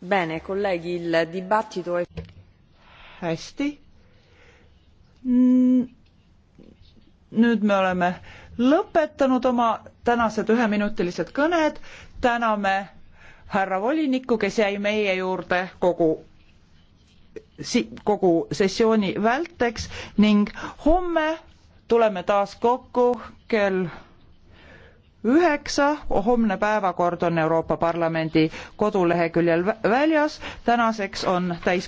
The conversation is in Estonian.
Bene, kolleegi, il dibattito è... hästi. nüüd me oleme lõpetanud oma tänased üheminutilised kõned. täname härra volinikku, kes jäi meie juurde kogu si-, kogu sessiooni välteks ning homme tuleme taas kokku kell üheksa, oh, homne päevakord on Euroopa Parlamendi koduleheküljel väljas, tänaseks on täis